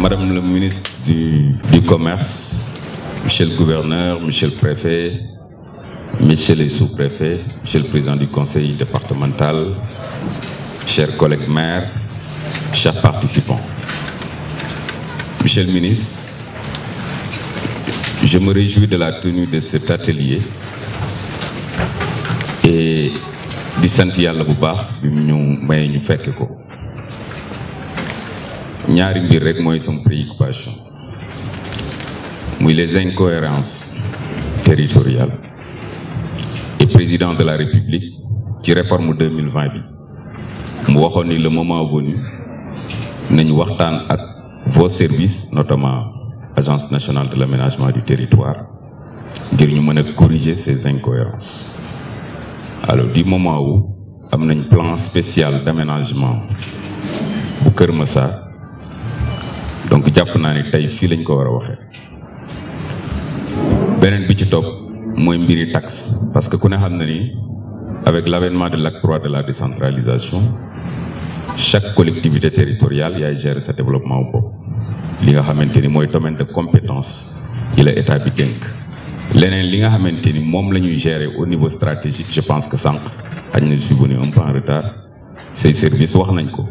Madame le ministre du, Commerce, Monsieur le gouverneur, Monsieur le préfet, Monsieur le sous préfet Monsieur le président du conseil départemental, chers collègues maires, chers participants. Monsieur le ministre, je me réjouis de la tenue de cet atelier et du Santiago Bouba, du ñaari mbir rek préoccupations. sama préoccupation les incohérences territoriales et président de la république qui réforme 2020 bi mu waxone le moment venu nañ waxtaan ak vos services notamment agence nationale de l'aménagement du territoire ngir ñu corriger ces incohérences alors du moment où am un plan spécial d'aménagement bu Kër ça donc japp naa ne tey fii lañ ko war a waxee beneen bi ci topp mooy mbiri taxe parce que ku ne xam na ni avec l'avènement de l'acte 3 de la décentralisation chaque collectivité territoriale yaay gérer sa développement wu bopp li nga xamante ni mooy domaine de compétence yi la état bi dénk leneen li nga xamante ni moom la ñuy gérer au niveau stratégique je pense que sànq xañ na je un peu en retard ces services. wax nañ ko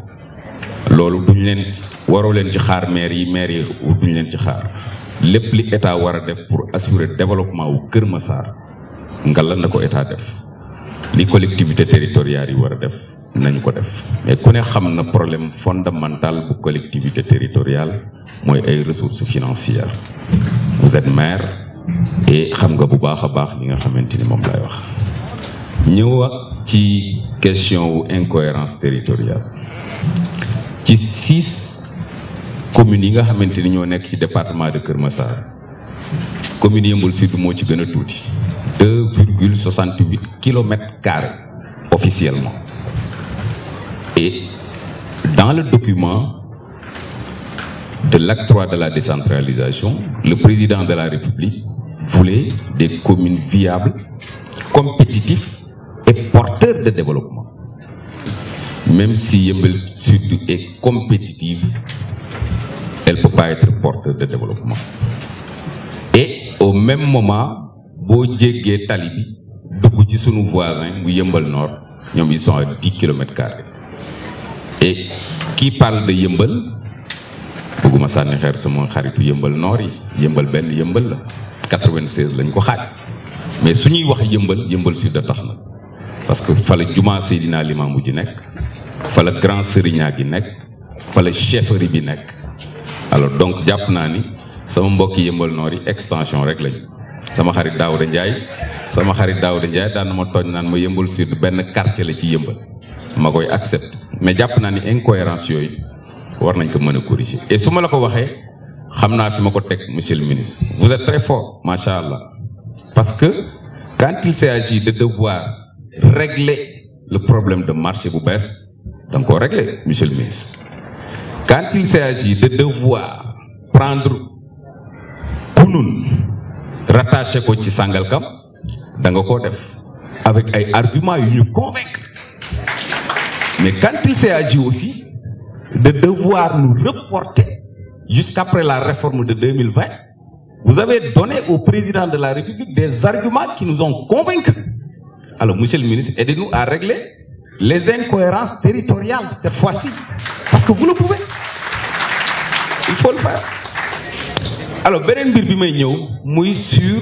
loolu ñu leen waroo leen ci xaar maire yi maire yi ñu leen ci xaar lépp li état war a def pour assurer développement wu Kër Massar ngalla na ko état def li collectivité territoriale yi war a def nañ ko def mais ku ne xam na problème fondamental bu collectivité territoriale mooy ay ressources financières vous êtes maire et xam nga bu baax a baax li nga xamante ni moom lay wax ñëw ci question wu incohérence territoriale ci six communes yi nga xamanteni ñoo département de Kermassar. commune yëmbul Sud mo ci gëna officiellement et dans le document de l'acte 3 de la décentralisation le président de la République voulait des communes viables compétitives et porteurs de développement même si Yembel Sud est compétitive, elle ne peut pas être porte de développement. Et au même moment, Bodjé Talibi, Dokuti sont nos voisins, Yembel Nord, ils sont à 10 km. Et qui parle de Yembel bëgguma sànni xeer sama xaritu yëmbal Nord, yi Nord, Yembel. Ben, Yembel 96 lañ ko si mais su ñuy wax Yembel, Yembel sud da tax parce que fallait la jumaa Seydina Limaamu ji fa la grand sëriñaa gi nekk fa la chefferie bi nek alors donc jàpp naa ni sama mbok yembal nori extension rek lañ sama xarit Daouda ndjay sama xarit Daouda ndjay daan na ma tooñ naan ma yëmbal sud benn quartier la ci yembal ma koy accepte mais jàpp ni incohérence yoy war nañ ko mën a corriger et suma ma la ko waxee xam fi mako tek monsieur le ministre vous êtes très fort machallah parce que quand il s'agit de devoir régler le problème de marché bu bees donc on a réglé monsieur le ministre quand il s'agit de devoir prendre Kounoun, rattaché ko ci Sangalkam avec un arguments qui nous convaincre mais quand il s'agit aussi de devoir nous reporter jusqu'après la réforme de 2020 vous avez donné au président de la République des arguments qui nous ont convaincus alors monsieur le ministre aidez-nous à régler les incohérences territoriales cette fois-ci. Parce que vous le pouvez. Il faut le faire. Alors, Beren Birbimegno, mouille sur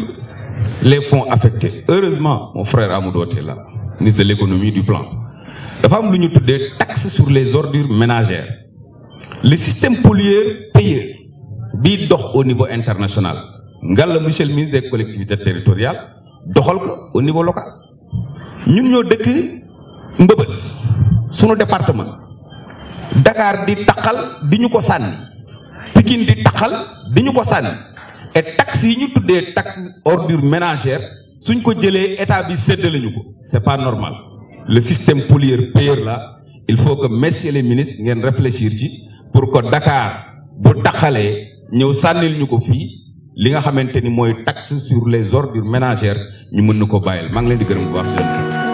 les fonds affectés. Heureusement, mon frère Amoudou est là, ministre de l'économie du plan. La femme l'union des taxes sur les ordures ménagères. Le système pollueur-payeur, bidoc au niveau international. Ngal, monsieur le ministre des collectivités territoriales, doxal au niveau local. Nous, nous, mbeubes sunu département Dakar di takal di ko sànni Pikine di takal di ko sànni et taxi ñu tuddé taxi ordure ménagère suñ ko jëlé état bi sédé lañu ko c'est pas normal le système pollueur payeur là il faut que messieurs les ministres ngén réfléchir ci pour que Dakar bu takalé ñeu sànnil ñu ko li nga xamanteni moy taxe sur les ordures ménagères ñu mënn ko bayal ma ngi leen di gërëm bu baax